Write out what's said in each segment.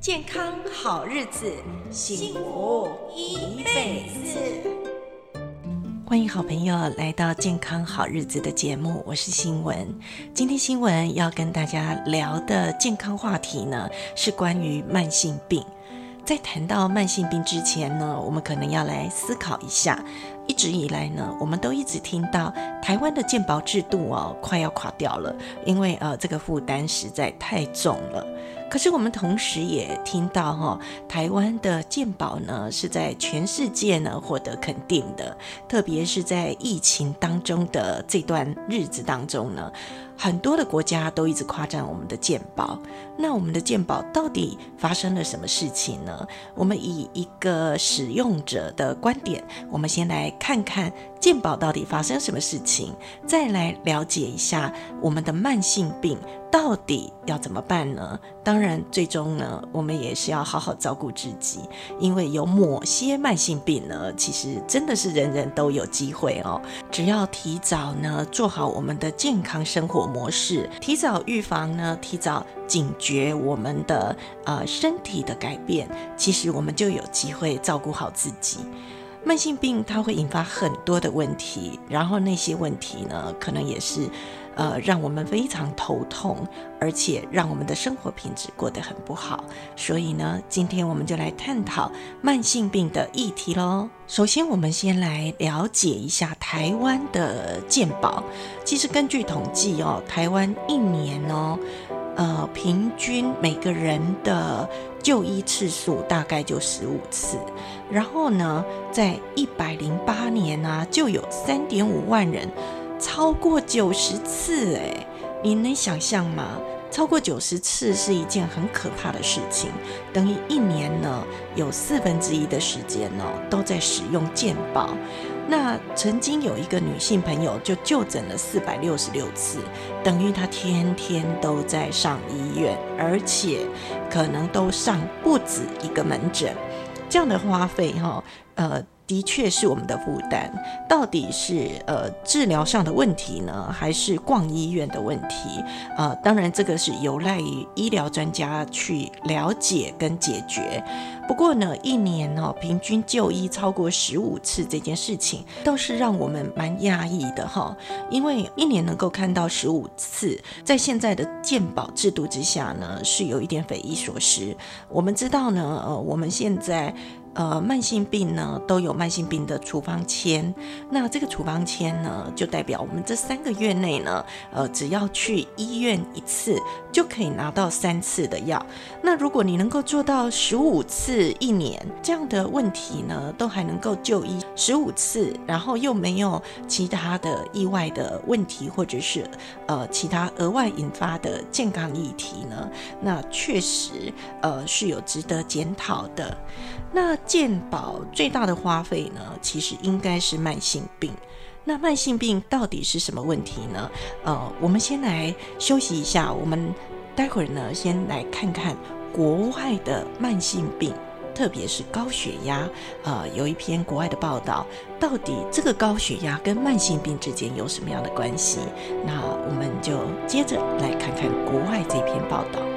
健康好日子，幸福一輩子。歡迎好朋友來到《健康好日子》的節目，我是新聞。今天新聞要跟大家聊的健康話題呢，是關於慢性病。在談到慢性病之前呢，我們可能要來思考一下。一直以來呢，我們都一直聽到台灣的健保制度哦，快要垮掉了，因為呃，這個負擔實在太重了。可是我們同時也聽到，哈，台灣的健保呢是在全世界呢獲得肯定的，特別是在疫情當中的這段日子當中呢。很多的國家都一直誇讚我們的健保，那我們的健保到底發生了什麼事情呢？我們以一個使用者的觀點，我們先來看看健保到底發生什麼事情，再來了解一下我們的慢性病到底要怎麼辦呢？當然，最終呢，我們也是要好好照顧自己，因為有某些慢性病呢，其實真的是人人都有機會哦，只要提早呢，做好我們的健康生活。模式，提早預防呢，提早警覺我們的呃身體的改變，其實我們就有機會照顧好自己。慢性病它會引發很多的問題，然後那些問題呢，可能也是。呃，讓我們非常頭痛，而且讓我們的生活品質過得很不好。所以呢，今天我們就來探討慢性病的議題嘍。首先，我們先來了解一下台灣的健保。其實根據統計哦，台灣一年哦，呃，平均每個人的就醫次數大概就十五次。然後呢，在一百零八年呢、啊，就有三點五萬人。超過九十次誒，你能想象嗎？超過九十次是一件很可怕的事情，等於一年呢有四分之一的時間呢、哦、都在使用健保。那曾經有一個女性朋友就就診了四百六十六次，等於她天天都在上醫院，而且可能都上不止一個門診，這樣的花費哈、哦，呃。的確是我們的負擔，到底是呃治療上的問題呢，還是逛醫院的問題？呃，當然這個是有賴於醫療專家去了解跟解決。不過呢，一年哦、喔、平均就醫超過十五次這件事情，倒是讓我們蠻訝異的哈，因為一年能夠看到十五次，在現在的健保制度之下呢，是有一點匪夷所思。我們知道呢，呃我們現在。呃，慢性病呢都有慢性病的處方簽，那這個處方簽呢，就代表我們這三個月內呢，呃，只要去醫院一次就可以拿到三次的藥。那如果你能夠做到十五次一年這樣的問題呢，都還能夠就醫十五次，然後又沒有其他的意外的問題或者是呃其他額外引發的健康議題呢，那確實呃是有值得檢討的。那健保最大的花費呢，其實應該是慢性病。那慢性病到底是什麼問題呢？呃，我們先來休息一下，我們待會兒呢，先來看看國外的慢性病，特別是高血壓。呃，有一篇國外的報道，到底這個高血壓跟慢性病之間有什麼樣的關係？那我們就接着來看看國外這篇報道。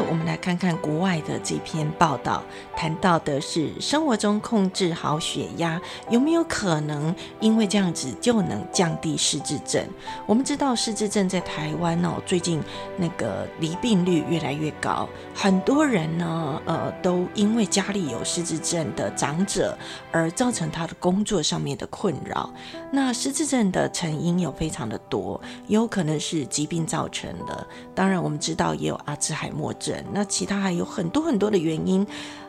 我們來看看國外的這篇報道，談到的是生活中控制好血壓有沒有可能因為這樣子就能降低失智症？我們知道失智症在台灣哦，最近那個罹病率越來越高，很多人呢，呃，都因為家裡有失智症的長者而造成他的工作上面的困擾。那失智症的成因有非常的多，有可能是疾病造成的。當然，我們知道也有阿茲海默。那其他還有很多很多的原因。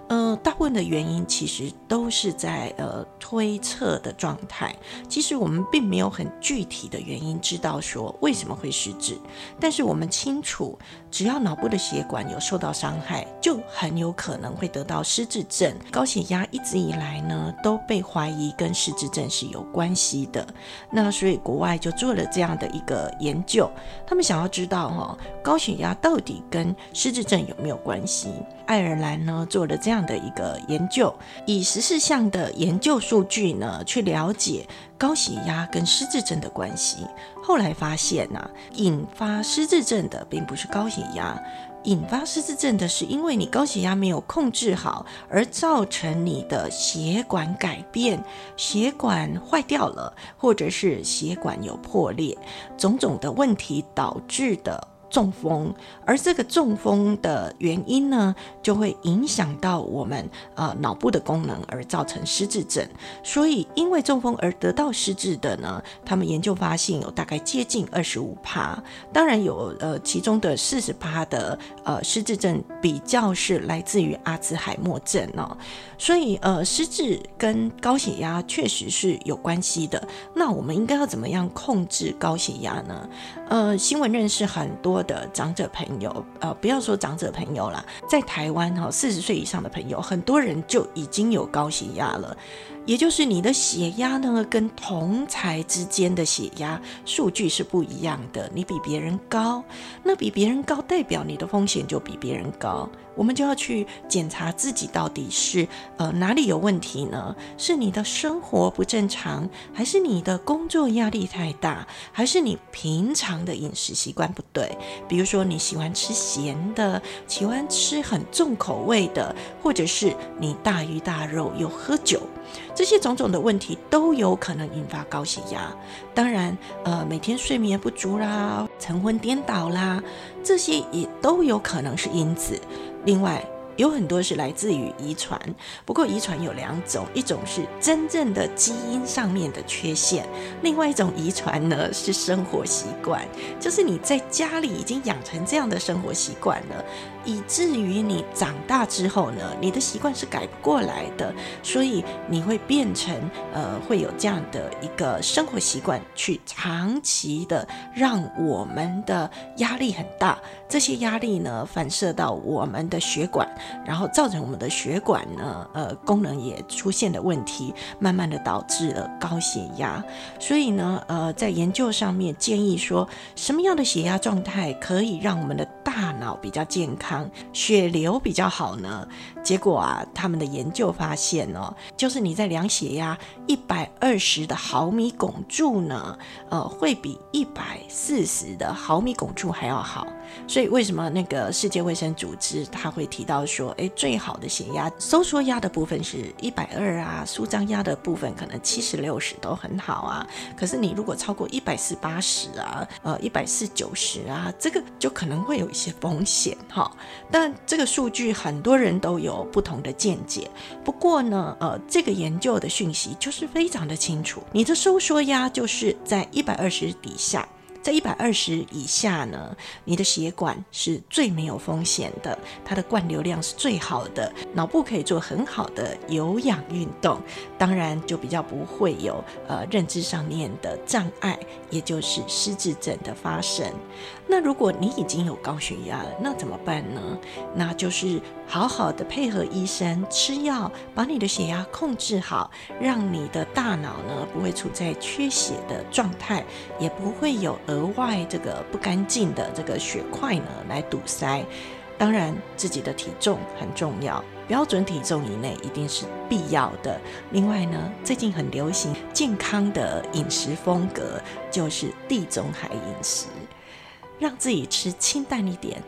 呃，大部分的原因其實都是在呃推測的狀態。其實我們並沒有很具體的原因知道說為什麼會失智，但是我們清楚，只要腦部的血管有受到傷害，就很有可能會得到失智症。高血壓一直以來呢都被懷疑跟失智症是有關係的。那所以國外就做了這樣的一個研究，他們想要知道哦，高血壓到底跟失智症有沒有關係？愛爾蘭呢做了這樣。這樣的一個研究，以十四項的研究數據呢，去了解高血壓跟失智症的關係。後來發現呢、啊，引發失智症的並不是高血壓，引發失智症的是因為你高血壓沒有控制好，而造成你的血管改變，血管壞掉了，或者是血管有破裂，種種的問題導致的。中風，而這個中風的原因呢，就會影響到我們呃腦部的功能，而造成失智症。所以，因為中風而得到失智的呢，他們研究發現有大概接近二十五趴。當然有呃，其中的四十趴的呃失智症比較是來自於阿茲海默症哦。所以呃，失智跟高血壓確實是有關係的。那我們應該要怎麼樣控制高血壓呢？呃，新聞認識很多。我的長者朋友，呃，不要說長者朋友啦，在台灣哈，四十歲以上的朋友，很多人就已經有高血壓了。也就是你的血壓呢，跟同儕之間的血壓數據是不一樣的。你比別人高，那比別人高代表你的風險就比別人高。我們就要去檢查自己到底是呃哪裡有問題呢？是你的生活不正常，還是你的工作壓力太大，還是你平常的飲食習慣不對？比如說你喜歡吃鹹的，喜歡吃很重口味的，或者是你大魚大肉又喝酒。這些種種的問題都有可能引發高血壓。當然，呃，每天睡眠不足啦，晨昏顛倒啦，這些也都有可能是因子。另外，有很多是來自於遺傳，不過遺傳有兩種，一種是真正的基因上面的缺陷，另外一種遺傳呢是生活習慣，就是你在家裡已經養成這樣的生活習慣了，以至於你長大之後呢，你的習慣是改不過來的，所以你會變成呃會有這樣的一個生活習慣，去長期的讓我們的壓力很大。這些壓力呢，反射到我們的血管，然後造成我們的血管呢，呃，功能也出現了問題，慢慢的導致了高血壓。所以呢，呃，在研究上面建議說，什麼樣的血壓狀態可以讓我們的大腦比較健康，血流比較好呢？結果啊，他們的研究發現哦，就是你在量血壓一百二十的毫米汞柱呢，呃，會比一百四十的毫米汞柱還要好。所以為什麼那個世界衛生組織他會提到說，哎，最好的血壓收縮壓的部分是一百二啊，舒張壓的部分可能七十六十都很好啊。可是你如果超過一百四八十啊，呃，一百四九十啊，這個就可能會有一些風險哈，哦。但這個數據很多人都有。有不同的見解。不過呢，呃，這個研究的訊息就是非常的清楚。你的收縮壓就是在一百二十底下，在一百二十以下呢，你的血管是最沒有風險的，它的灌流量是最好的，腦部可以做很好的有氧運動，當然就比較不會有呃認知上面的障礙，也就是失智症的發生。那如果你已經有高血壓了，那怎麼辦呢？那就是好好的配合醫生吃藥，把你的血壓控制好，讓你的大腦呢不會處在缺血的狀態，也不會有額外這個不乾淨的這個血塊呢來堵塞。當然，自己的體重很重要，標準體重以內一定是必要的。另外呢，最近很流行健康的飲食風格，就是地中海飲食，讓自己吃清淡一點。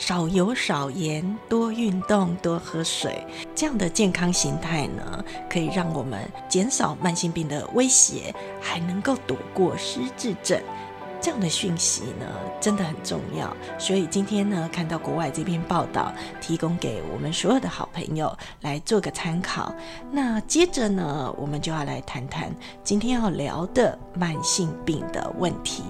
少油少鹽，多運動，多喝水。這樣的健康形態呢，可以讓我們減少慢性病的威脅，還能夠躲過失智症。這樣的訊息呢，真的很重要。所以今天呢，看到國外這篇報道，提供給我們所有的好朋友來做個參考。那接着呢，我們就要來談談今天要聊的慢性病的問題。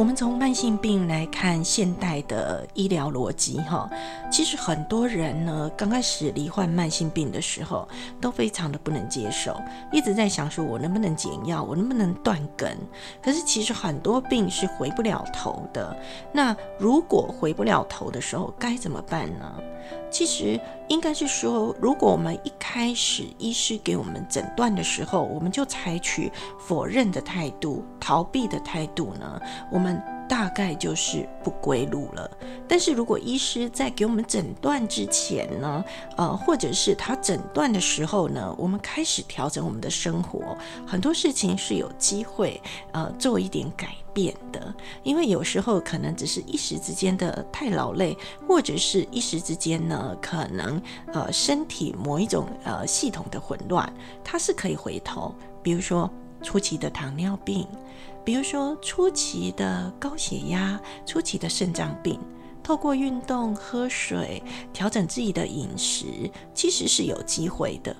我們從慢性病來看現代的醫療邏輯，哈，其實很多人呢，剛開始罹患慢性病的時候，都非常的不能接受，一直在想說我能不能減藥，我能不能斷根。可是其實很多病是回不了頭的。那如果回不了頭的時候，該怎麼辦呢？其實。應該是說，如果我們一開始醫師給我們診斷的時候，我們就採取否認的態度、逃避的態度呢，我們。大概就是不歸路了。但是如果醫師在給我們診斷之前呢，呃，或者是他診斷的時候呢，我們開始調整我們的生活，很多事情是有機會呃做一點改變的。因為有時候可能只是一時之間的太勞累，或者是一時之間呢，可能呃身體某一種呃系統的混亂，它是可以回頭，比如說初期的糖尿病。比如說，初期的高血壓、初期的腎臟病，透過運動、喝水、調整自己的飲食，其實是有機會的。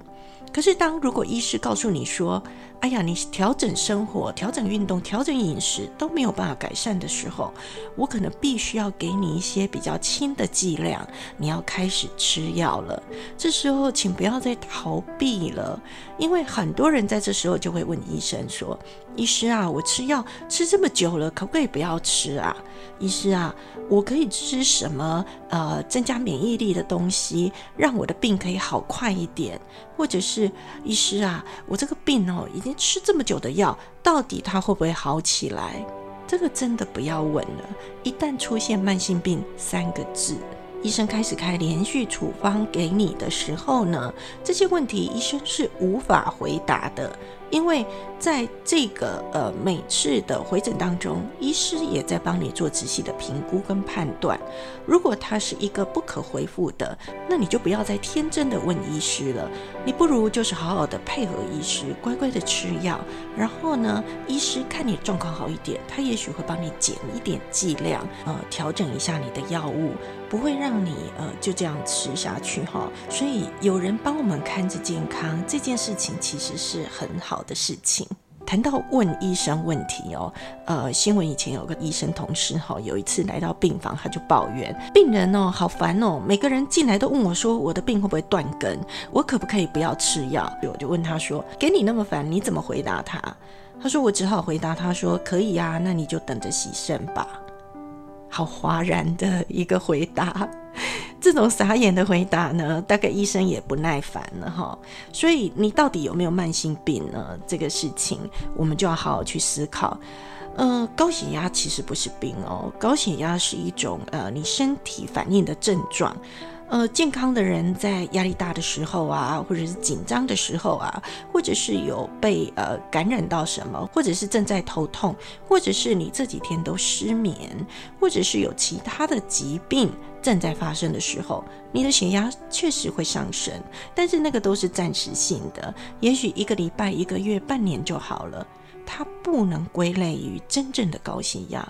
可是，當如果醫師告訴你說：“哎呀，你調整生活、調整運動、調整飲食都沒有辦法改善的時候，我可能必須要給你一些比較輕的劑量，你要開始吃藥了。這時候，請不要再逃避了，因為很多人在這時候就會問醫生說：‘醫師啊，我吃藥吃這麼久了，可不可以不要吃啊？’醫師啊。”我可以吃什麼？呃，增加免疫力的東西，讓我的病可以好快一點，或者是醫師啊，我這個病哦，已經吃這麼久的藥，到底它會不會好起來？這個真的不要問了。一旦出現慢性病，三個字，醫生開始開連續處方給你的時候呢，這些問題醫生是無法回答的。因為在這個呃每次的回診當中，醫師也在幫你做仔細的評估跟判斷。如果他是一個不可回復的，那你就不要再天真的問醫師了。你不如就是好好的配合醫師，乖乖的吃藥。然後呢，醫師看你狀況好一點，他也許會幫你減一點劑量，呃，調整一下你的藥物，不會讓你呃就這樣吃下去哈、哦。所以有人幫我們看着健康這件事情，其實是很好的事情，談到問醫生問題哦，呃，新聞以前有個醫生同事哈、哦，有一次來到病房，他就抱怨病人哦，好煩哦，每個人進來都問我說，我的病會不會斷根，我可不可以不要吃藥？所以我就問他說，給你那麼煩，你怎麼回答他？他說，我只好回答他說，可以啊，那你就等着洗腎吧。好嘩然的一個回答。這種傻眼的回答呢，大概醫生也不耐煩了哈。所以你到底有沒有慢性病呢？這個事情我們就要好好去思考。呃，高血壓其實不是病哦，高血壓是一種呃，你身體反應的症狀。呃，健康的人在壓力大的時候啊，或者是緊張的時候啊，或者是有被呃感染到什麼，或者是正在頭痛，或者是你這幾天都失眠，或者是有其他的疾病正在發生的時候，你的血壓確實會上升，但是那個都是暫時性的，也許一個禮拜、一個月、半年就好了，它不能歸類於真正的高血壓。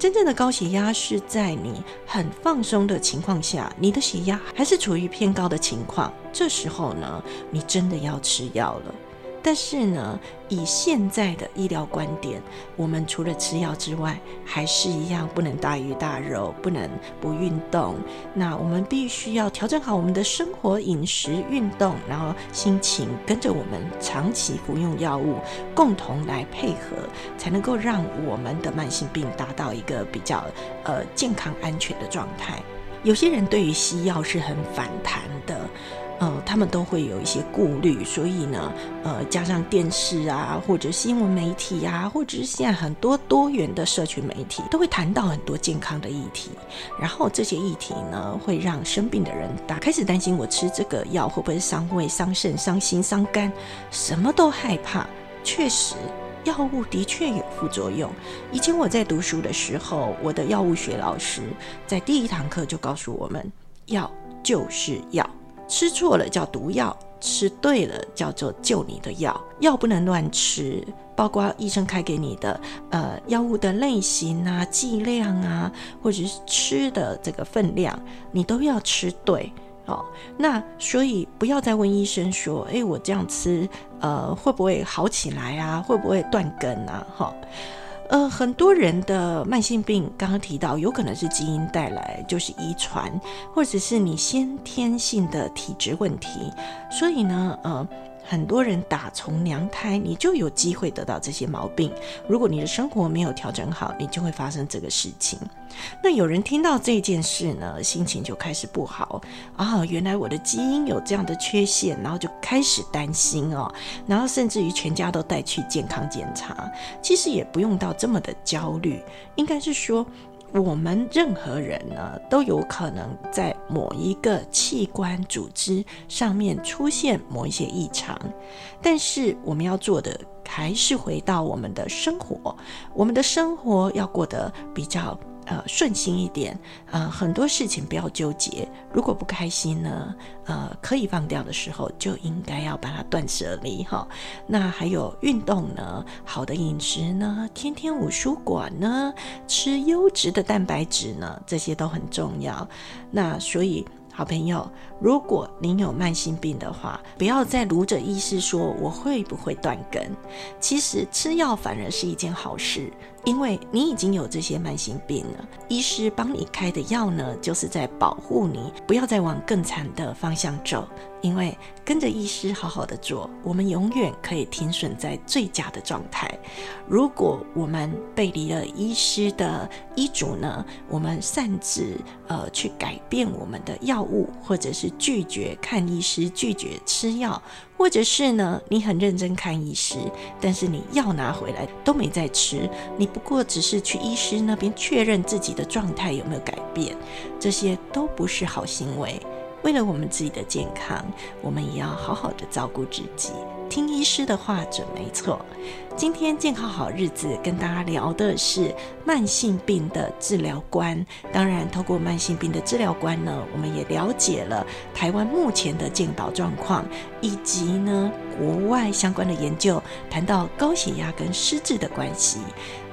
真正的高血壓是在你很放鬆的情況下，你的血壓還是處於偏高的情況，這時候呢，你真的要吃藥了。但是呢，以現在的醫療觀點，我們除了吃藥之外，還是一樣不能大魚大肉，不能不運動。那我們必須要調整好我們的生活、飲食、運動，然後心情跟着我們長期服用藥物，共同來配合，才能夠讓我們的慢性病達到一個比較呃健康安全的狀態。有些人對於西藥是很反彈的。呃，他們都會有一些顧慮，所以呢，呃，加上電視啊，或者新聞媒體啊，或者是現在很多多元的社群媒體，都會談到很多健康的議題。然後這些議題呢，會讓生病的人打開始擔心：我吃這個藥會不會傷胃、傷腎、傷心、傷肝？什麼都害怕。確實，藥物的確有副作用。以前我在讀書的時候，我的藥物學老師在第一堂課就告訴我們，藥就是藥。吃錯了叫毒藥，吃對了叫做救你的藥。藥不能亂吃，包括醫生開給你的，呃，藥物的類型啊、劑量啊，或者是吃的這個分量，你都要吃對。哦，那所以不要再問醫生說：“哎，我這樣吃，呃，會不會好起來啊？會不會斷根啊？”哈，哦。呃，很多人的慢性病，剛剛提到有可能是基因帶來，就是遺傳，或者是你先天性的體質問題，所以呢，呃。很多人打從娘胎，你就有機會得到這些毛病。如果你的生活沒有調整好，你就會發生這個事情。那有人聽到這件事呢，心情就開始不好啊、哦！原來我的基因有這樣的缺陷，然後就開始擔心哦，然後甚至於全家都帶去健康檢查。其實也不用到這麼的焦慮，應該是說。我們任何人呢，都有可能在某一個器官組織上面出現某一些異常，但是我們要做的還是回到我們的生活，我們的生活要過得比較。呃，順心一點，呃，很多事情不要糾結。如果不開心呢，呃，可以放掉的時候就應該要把它斷捨離哈。那還有運動呢、好的飲食呢、天天五蔬果呢、吃優質的蛋白質呢，這些都很重要。那所以，好朋友。如果您有慢性病的話，不要再盧着醫師說，我會不會斷根？其實吃藥反而是一件好事，因為你已經有這些慢性病了，醫師幫你開的藥呢，就是在保護你，不要再往更慘的方向走。因為跟着醫師好好的做，我們永遠可以停損在最佳的狀態。如果我們背離了醫師的醫囑呢，我們擅自呃去改變我們的藥物，或者是拒絕看醫師，拒絕吃藥，或者是呢，你很認真看醫師，但是你藥拿回來都沒在吃，你不過只是去醫師那邊確認自己的狀態有沒有改變，這些都不是好行為。為了我們自己的健康，我們也要好好的照顧自己，聽醫師的話準沒錯。今天健康好日子跟大家聊的是慢性病的治療觀，當然，透過慢性病的治療觀呢，我們也了解了台灣目前的健保狀況，以及呢國外相關的研究。談到高血壓跟失智的關係，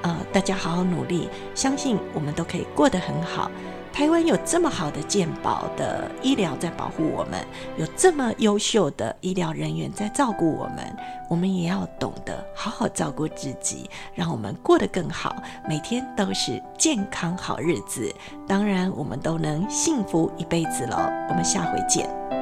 呃，大家好好努力，相信我們都可以過得很好。台灣有這麼好的健保的醫療在保護我們，有這麼優秀的醫療人員在照顧我們，我們也要懂得好好照顧自己，讓我們過得更好，每天都是健康好日子。當然，我們都能幸福一輩子嘍。我們下回見。